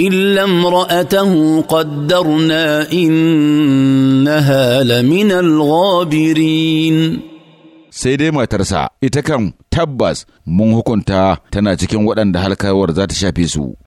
إلا امرأته قدرنا إنها لمن الغابرين sai dai matarsa ita kan tabbas mun hukunta tana cikin waɗanda halkarwar za ta shafe su